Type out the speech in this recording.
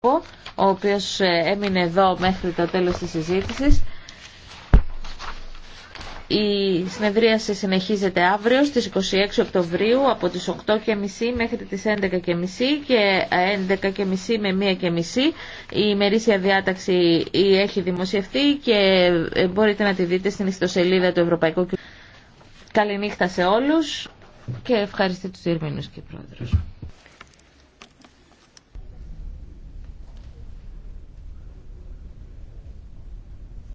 ο οποίος ε, έμεινε εδώ μέχρι το τέλος της συζήτησης. Η συνεδρίαση συνεχίζεται αύριο στις 26 Οκτωβρίου από τις 8.30 μέχρι τις 11.30 και 11.30 με 1.30. Η ημερήσια διάταξη έχει δημοσιευτεί και ε, μπορείτε να τη δείτε στην ιστοσελίδα του Ευρωπαϊκού Κοινοβουλίου. Καληνύχτα σε όλους και ευχαριστώ τους Ιρμήνους και πρόεδρους.